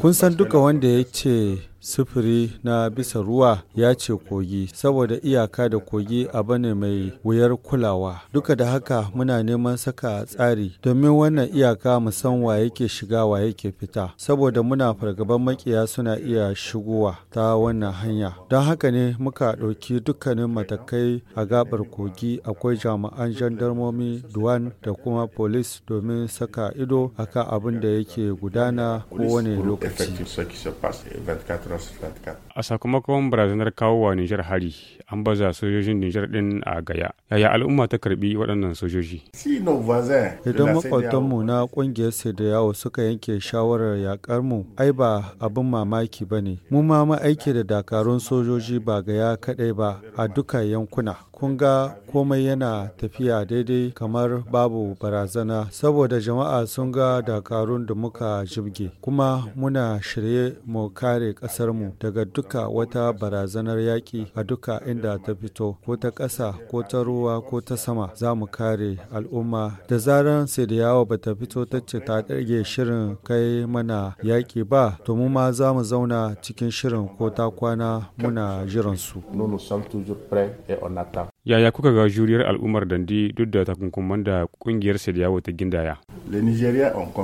Kun san duka wanda ya ce sufuri na bisa ruwa ya ce kogi saboda iyaka da kogi abu ne mai wuyar kulawa duka da haka muna neman saka tsari domin wannan iyaka mu wa yake shiga wa yake fita saboda muna fargaban makiya suna iya shigowa ta wannan hanya don haka ne muka ɗauki dukkanin matakai a gabar kogi akwai jami'an jandarmomi duwan da kuma polis domin saka ido akan abin da yake gudana kowane lokaci su A sakamakon barazanar kawo wa Nijar hari an baza sojojin Nijar din a Gaya. Yaya al'umma ta karbi waɗannan sojoji? Idan makwabtanmu na ƙungiyar Sediyawo suka yanke shawarar yakar mu, ai ba abin mamaki ba ne. Mu ma aiki da dakarun sojoji ba Gaya kaɗai ba a duka yankuna. Kun ga komai yana tafiya daidai kamar babu barazana saboda jama'a sun ga dakarun da muka jibge kuma muna shirye mu kare ƙasar ƙasarmu daga duka wata barazanar yaƙi a duka inda ta fito ko ta ƙasa ko ta ruwa ko ta sama za mu kare al'umma da zarar zaran yawa ba ta fito ta ce ta ɗage shirin kai mana yaƙi ba to mu ma za mu zauna cikin shirin ko ta kwana muna jiransu. Yaya kuka ga juriyar al'ummar Dandi duk da takunkuman da kungiyar Sadiyawo ta gindaya?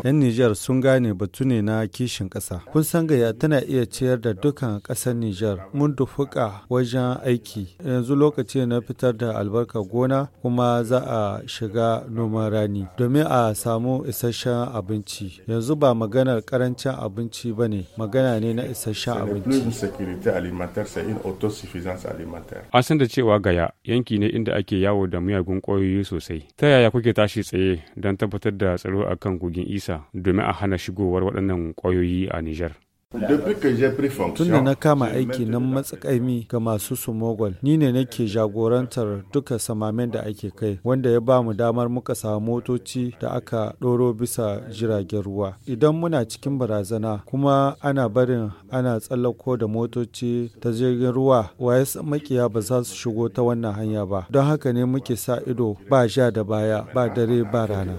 Yan Nijar sun gane batu ne na kishin kasa. Kun san gaya tana iya ciyar da dukkan ƙasar Nijar. Mun dufuka wajen aiki. Yanzu lokaci na fitar da albarka gona kuma za a shiga noman rani domin a samu isasshen abinci. Yanzu ba maganar karancin abinci ba ne, magana ne na isasshen abinci. An san da cewa gaya yanki yanki ne inda ake yawo da miyagun ƙwayoyi sosai. Ta yaya kuke tashi tsaye don tabbatar da tsaro a kan kogin Isa domin a hana shigowar waɗannan ƙwayoyi a Nijar? Tun da na kama aiki na matsakaimi ga masu su mogol ni ne nake jagorantar duka samamen da ake kai, wanda ya ba mu damar muka samu motoci da aka ɗoro bisa jiragen ruwa. Idan muna cikin barazana kuma ana barin ana tsallako da motoci ta jirgin ruwa, waye makiya ba za su shigo ta wannan hanya ba. Don haka ne muke sa ido ba sha da baya, ba dare ba rana.